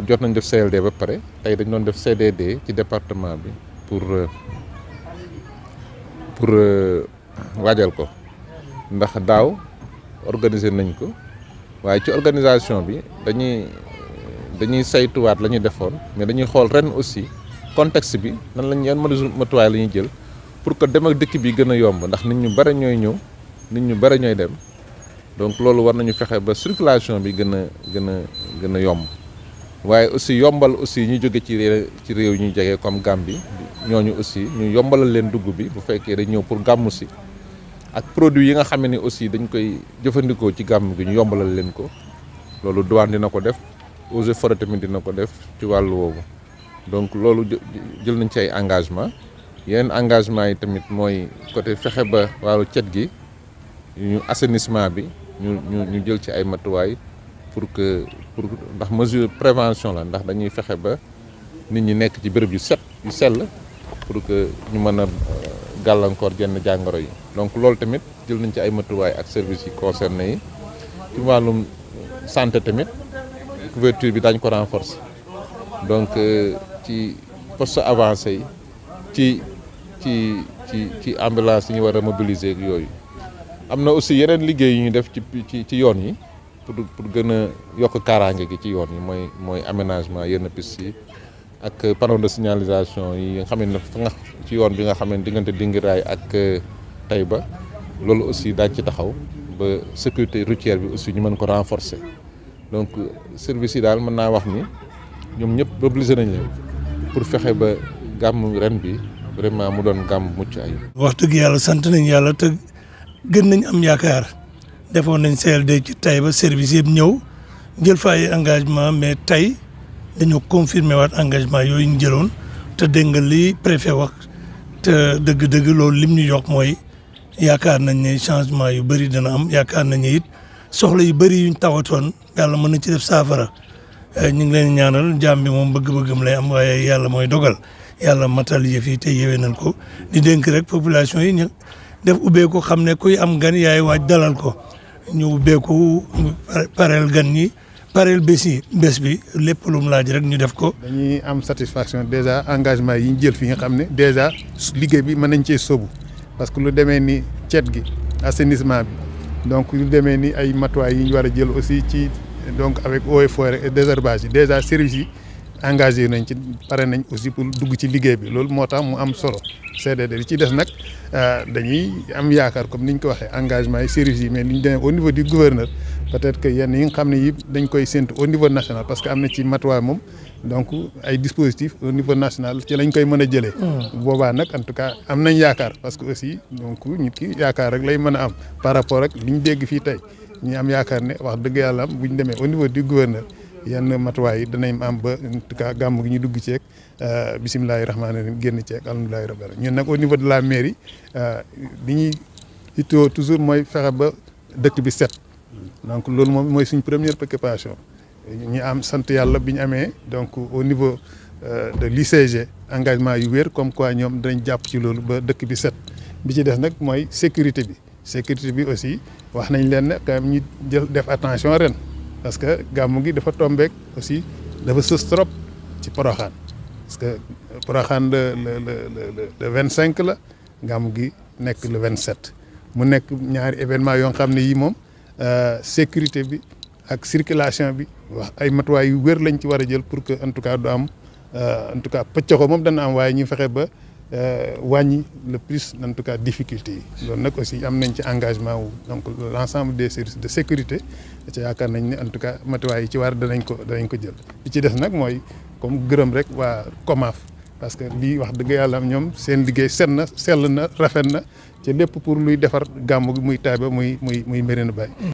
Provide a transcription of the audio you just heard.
jot nañ def CLD ba pare tey dañu doon def CDD ci département bi pour euh, pour euh, waajal ko ndax daaw organiser nañ ko waaye ci organisation bi dañuy dañuy saytuwaat la ñuy defoon mais dañuy xool ren aussi contexte bi nan lañ yan matuwaay la ñuy jël pour que dem ak dëkk bi gën a yomb ndax nit ñu bari ñooy ñëw nit ñu bari ñooy dem donc loolu war nañu fexe ba circulation bi gën a gën a gën a yomb waaye aussi yombal aussi ñu jóge ci ci réew ñuy jege comme ñoo ñu aussi ñu yombalal leen dugg bi bu fekkee dañ ñëw pour gàmmu si ak produit yi nga xam ni aussi dañ koy jëfandikoo ci gàmm gi ñu yombalal leen ko loolu douane dina ko def eaux et forêt tamit dina ko def ci wàllu woowu donc loolu jël nañ ci ay engagement yeneen engagement yi tamit mooy côté fexe ba wàllu cet gi ñu assainissement bi ñu ñu ñu jël ci ay matuwaay pour que pour ndax mesure prévention la ndax dañuy fexe ba nit ñi nekk ci béréb yu set yu sell pour que ñu mën a euh, gàllankoor jenn jàngoro yi donc loolu tamit jël nañ ci ay matuwaay ak service yi concerné yi ci wàllum euh, santé tamit couverture bi daañ ko renforcer donc euh, ci poste avancé yi ci ci ci ci ambulance yi ñu war a mobiliser yooyu am na aussi yeneen liggéey yu ñu def ci ci ci yoon yi pour pour gën a yokk kaaraange gi ci yoon yi mooy mooy aménagement yenn piste yi ak panneau de signalisation yi nga xam ne fa nga ci yoon bi nga xam ne diggante dingiraay ak euh, Taïba loolu aussi daañ ci taxaw ba sécurité routière bi aussi ñu mën ko renforcer donc service yi daal mën naa wax ni ñoom ñëpp obligé nañ leen pour fexe ba gàmm ren bi vraiment mu doon gàmm mucc ayib. wax dëgg yàlla sant nañ yàlla te gën nañ am yaakaar. defoon nañ CLD ci tay ba service yëpp ñëw jël fay ay engagement mais tey dañoo confirmer waat engagement yooyu ñu jëloon te dégg nga li préfet wax te dëgg-dëgg loolu lim ñu yokk mooy yaakaar nañ ne changement yu bëri dana am yaakaar nañ it soxla yu bëri yuñ tawatoon yàlla mën na ci def saafara eh, ñu ngi leen ñaanal jàmm moom bëgg-bëggam lay am waaye yàlla mooy dogal yàlla matal yëf yi te yewee nañ ko di dénk rek population yi ñu def ubbee ko xam ne kuy am gan yaay waaj dalal ko ñu ubbeeku pareel gan ñi pareel bés yi bés bi lépp lu mu laaj rek ñu def ko. dañuy am satisfaction déjà engagement yi ñu jël fi nga xam ne déjà liggéey bi mën nañ cee sóobu parce que lu demee ni cet gi assainissement bi donc lu demee ni ay matuwaay yi ñu war a jël aussi ci donc avec eaux et forêt et désherbage yi déjà services yi. engagé nañ ci pare nañ aussi dugg ci liggéey bi loolu moo tax mu am solo CDD li ci des nag euh, dañuy am yaakaar comme ni ñu waxee engagement yi services yi mais ni ñu demee au niveau du gouverneur peut-être que yenn yi nga xam ne yi am na ci matuwaay a jëlee. Hmm. boobaa nag en tout cas am nañ yaakaar parce que aussi donc nit ki yaakaar rek lay mën am par rapport ak li ñu dégg fii tey ñu am yaakaar ne wax dëgg yàlla am bu ñu demee au niveau du gouverneur. yenn matuwaay yi danañ am ba en tout cas gàmm gi ñu dugg ceeg euh, bisimilahi rahmaani rahim génn ceeg alhamdulilahi rabbil alamin ñun nag au niveau de la mairie bi euh, ñuy ittoo toujours mooy fexe ba dëkk bi set donc loolu moom mooy suñ première préoccupation ñu am sant yàlla bi ñu amee donc au niveau euh, de l'ICG engagement yu wér comme quoi ñoom danañ jàpp ci loolu ba dëkk bi set bi ci des nag mooy sécurité bi sécurité bi aussi wax nañ leen ne quand ñu jël def attention ren parce que gàmmu gi dafa tombeek aussi dafa sos trop ci poroxaan parce que poroxaan le le le le vingt cinq la gàmmu gi nekk le vingt sept mu nekk ñaari événement yoo xam ne yii moom euh, sécurité bi ak circulation bi waa ay matuwaay yu wér lañ ci war a jël pour que en tout cas du am euh, en tout cas pëccoxo moom dana am waaye ñu fexe ba Euh, wàññi le plus en tout cas difficulté donc aussi am nañ ci engagement donc l'ensemble des services de sécurité c'est yaakaar nañ nous en tout cas matuwaay yi ci war danañ ko danañ ko jël li ci des nag mooy comme grand rek wa COMAF parce que lii wax dëgg yàlla ñoom c'est liggéey set na sell na rafet na ci lépp pour luy defar gàmmu gi muy Taïba muy muy muy Médina Baye